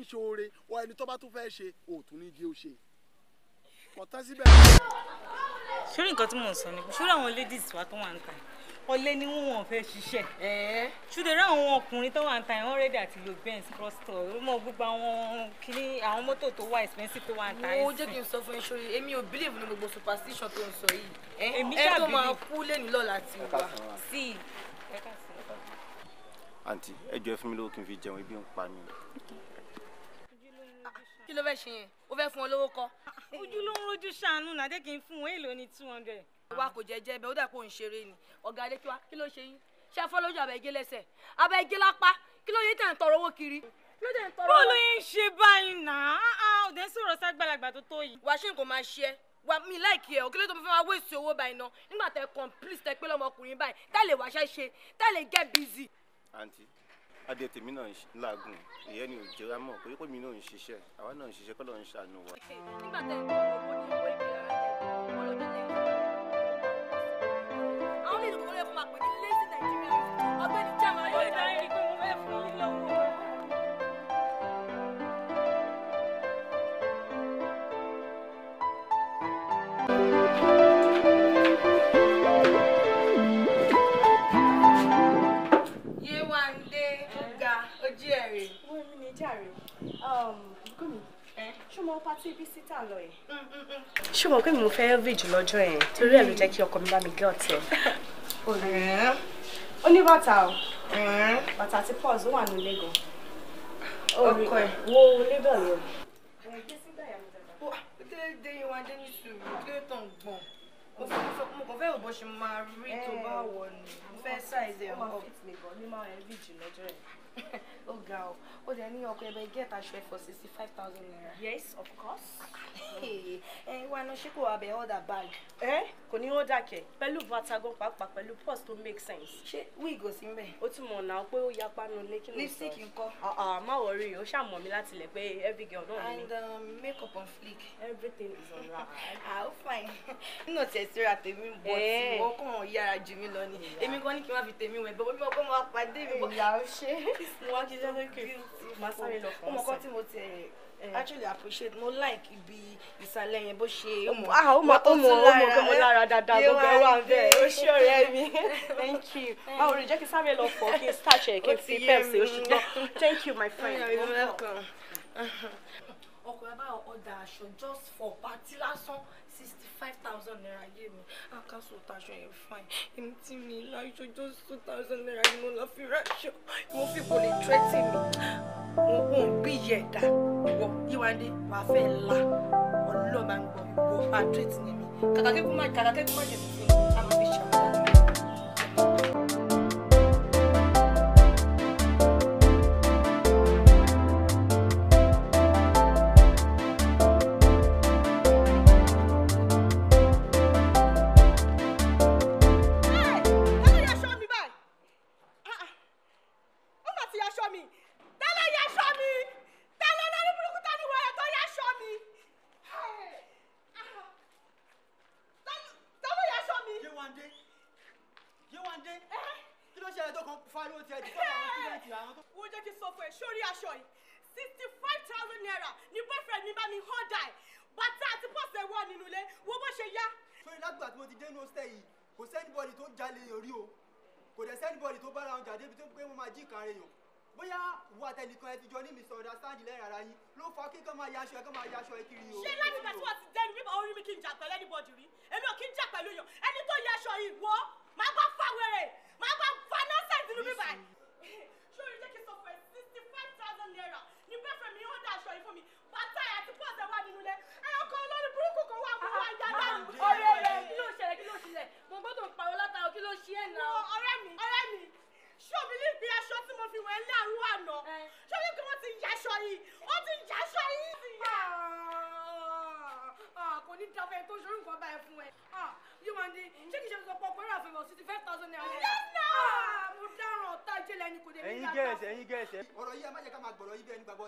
ń ṣe wọ ẹni tó bá tún fẹ́ ṣe òòtún ní jẹ́ ó sórí nǹkan tí mò ń sọ ni sórí àwọn ladies wa tó wà ń ta ọlẹ́ ni wọ́n wọ́n fẹ́ ṣiṣẹ́ ṣùdẹ̀rẹ́ àwọn ọkùnrin tó wà ń ta ẹ̀ wọ́n rẹ́dí àti lo benz crosstow mọ gbogbo àwọn kiri àwọn mọ́tò tó wà expensive tó wà ń ta ẹ̀ sìn. wo jẹ́ kí n sọ fún iṣẹ́ èmi ò believe ní gbogbo superstition tó ń sọ yìí ẹ tó máa kú lẹ́nu lọ́la ti wà. sí i. àǹtí ẹ jọ ẹ fún mi lówó kí n fi jẹun ebi ń pa mi fẹ́ ṣe yẹn ó fẹ́ fún ọ lówó kọ́. ojú ló ń rojú ṣàánú nàdé kí n fún un èèlò ní two hundred. wa kò jẹ́ jẹ́ ó dà pé òun ṣeré ni ọ̀gá adékíwá kí ló ṣe yín ṣe fọ́ lójú abẹ́gé lẹ́sẹ̀ lápá kí ló yẹ tẹ̀ ń tọrọ owó kiri. bọ́ọ̀lù yìí ṣe báyìí náà òde sọ̀rọ̀ ságbàlagbà tó tó yìí. wàṣín kò máa ṣe wa mi láìkí ẹ òkèlè tó fi máa wéèsì owó báyìí náà nígbà tẹ complete tẹ pé lọmọkùnrin báyìí tá lè ṣe tá lè get àǹtí adé tèmi náà ń làágùn ìyẹn ni ò jẹ́ àmọ́ pé pé mi náà ń ṣiṣẹ́ àwa náà ń ṣiṣẹ́ kọ́ lọ́ọ́ ń ṣàánú wa. nígbà tẹ́ ń bọ̀ owó ní owó ìpìlẹ̀ rẹ̀ wọ́n lọ́jọ́ lẹ́yìn. àwọn ilé ìdókòwò fún wa ní lazy Nigeria ọgbẹ́ni jẹ́ ṣùgbọ́n pàtó ibi síta lọ ẹ̀. Mm, mm, mm. ṣùgbọ́n pé mo fẹ́ ridge lọ́jọ́ yẹn torí ẹ̀ ló jẹ́ kí ọkọ mi bá mi gé ọ̀tẹ̀. ó ní bàtà o bàtà àti pọ́s ó wà ní ilé gan. ọkọ ẹ wo label yẹn. àwọn ó dé dé ní sùúrù bó ṣe máa rí tó bá eh, wọ̀ nù fẹ́ ṣàìsẹ̀ ọkọ. ọmọ ní máa ẹ̀ bí jù lọ́jọ́ yẹn. ó ga ọ ó dẹ̀ ní ọkọ ẹ̀bẹ̀ get aṣọ ẹ̀ for five thousand naira. yes of course. wá ná ṣé kò wá bẹ̀ ọ̀dà bag. ẹ kò ní ó dàkẹ́ vatagon pàápàá pẹ̀lú purse tó make sense. ṣé wíìgì ò sí ń bẹ̀. ó tún mọ̀ náà pé ó yapa nu ilé kí ló sọ. lipstick ńkọ́. Ah, ah, má wọrí o ṣàmọ̀ mi láti lẹ̀ pé every girl náà and um, make on fleek. everything is on rap. ah ó fine nínú tẹ̀ síra tèmi bọ̀ tí wọ́n kàn yára jù mí lọ ni èmi kan ní kí n má fi tèmi wẹ̀ bọ́ bí ọkọ máa pàdé mi. ìyá ó ṣe. mo wá kí n jẹ́ pé kí n máa sáré lọ fún mo ti Eh. actually appreciate mo like ibi ìsàlẹ̀ yẹn bó ṣe ọmọ ọmọ ọmọ ọmọ ọmọ lára dáadáa gbogbo ẹ wà bẹ́ẹ̀ o ṣé ọ̀rẹ́ mi thank you báwo ah, rè jẹ́ kí sáré lọ fọ kí n starch ẹ̀ kí n fi pepsi oṣù náà thank you my friend. ọkùnrin bá ọ̀dà aṣọ just for party lásán sixty five thousand naira yé mi àkàsọ̀ taṣọ yẹn fine èmi tí mi láṣọ just two thousand naira ni mo lọ fi ráṣọ mo fi kò lè threaten mi wọn ò bí yẹ ẹ̀dá ìwọ yíwáńdé wàá fẹ́ la ọlọ́ọ̀ máa ń gbọ́ ìwọ àtúntì nìmi kàkàkékùn má jẹ tuntun. Yéwándé Yéwándé kí ló ṣẹlẹ̀ tó kàn fariwo tiẹ̀ jù fún àwọn kílẹ̀ǹtì àwọn tó. wo jẹ́ kí n sọ fún ẹ sórí aṣọ yìí sixty five thousand naira ni boyfriend mi bá mi Honda ẹ̀ bàtà àti pọ̀sẹ̀ wọ̀ nínú ilé wo bó ṣe yá. sórí lágbà tí mo ti dé inú hostel yìí kò sẹ́nibọ́ọ̀lì tó jalè orí o kò dẹ̀ sẹ́nibọ́ọ̀lì tó bára wọn jà débi tó pé mo máa jí ìkàrẹ̀ yàn bóyá wo àtẹnìkan ẹ ti jọ ní misunderstanding lẹ́yìn ara yín ló fa kí kán máa yaṣọ ẹ kán máa yaṣọ ẹ kiri o. ṣé láti gbà tí wọ́n ti dẹnu bíbá orí mi kí n jà pẹ̀lú anybody rí èmi ò kí n jà pẹ̀lú yàn ẹni tó yaṣọ ìwọ máa bá fa wèrè máa bá fa nọ́ọ̀sẹ̀sì nínú bíbá ẹ̀. sórí jẹ́ kí n sọ fún ẹ sixty five thousand naira ní bẹ́fẹ̀ mi ó dá aṣọ yìí fún mi bàtà àti pọ́ọ̀sẹ̀ wà nínú ilé ẹ̀yọ́ kan lórí burúkú ṣọ́ọ̀bù ní ìgbé aṣọ tí mo fi wẹ̀ ń láàárọ̀ àná ṣọ́ọ̀bù ní wọ́n ti yaṣọ yìí wọ́n ti yaṣọ yìí ah, kò ní dáfẹ́ tó ṣerú nǹkan báyìí fún ẹ yóò máa ní ṣé kìí ṣe sọ pé ọkùnrin àfẹ́ sí ti five thousand naira. Ah, mo dáràn ọ̀tá ìjẹ́lẹ̀ ẹni kò dé ní ìgbà kan. gẹ̀ẹ́sẹ̀ ẹ̀yin gẹ̀ẹ́sẹ̀. ọ̀rọ̀ yìí a má jẹ́ ká máa gbọ̀rọ̀ yìí bí ẹni gbàgbọ́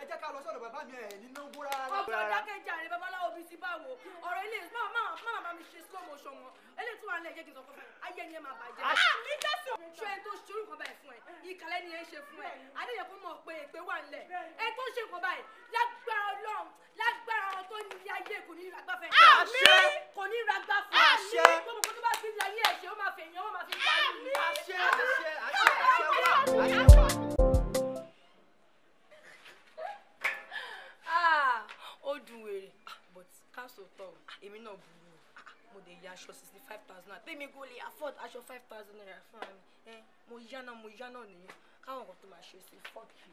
ẹ jẹ́ ká lọ sọ́dọ̀ bàbá mi ẹ̀ nínú owó rárá. ọ̀pọ̀ dákẹ́jà rẹ̀ babaláwo bíi ti báwo ọ̀rọ̀ ilé máa máa máa mi ṣe slow motion mọ́ eléyìí tó wà nílẹ̀ jẹ́kì sọ́kọ́ fún ẹ ayé ẹni ẹ máa bàjẹ́. àmì ah, ah, jésù. ṣé ẹni tó ṣe orúkọ báyìí fún ẹ ìkàlẹ́ ni ẹ ń ṣe fún ẹ adéyẹ kó mọ̀ pé èpè wà nílẹ̀ ẹ tó ṣe nǹkan báyìí lágbára ọlọ́run lágbára ọ̀rọ̀ tó ní ayé kò ní ra gbáfẹ́. Ah, àmì kò ní ra gbáfẹ́. àṣẹ gbogbo kó tó bá fi ní ayé ẹ̀ ṣe ó máa fẹ̀yìn ó máa fi gbà aṣọ sixty five thousand naira pé mi go lè afford aṣọ five thousand naira fún mi ẹ eh, mo yá náà mo yá náà nìyẹn káwọn kan tó máa ṣe sí fọ́ọ̀kì.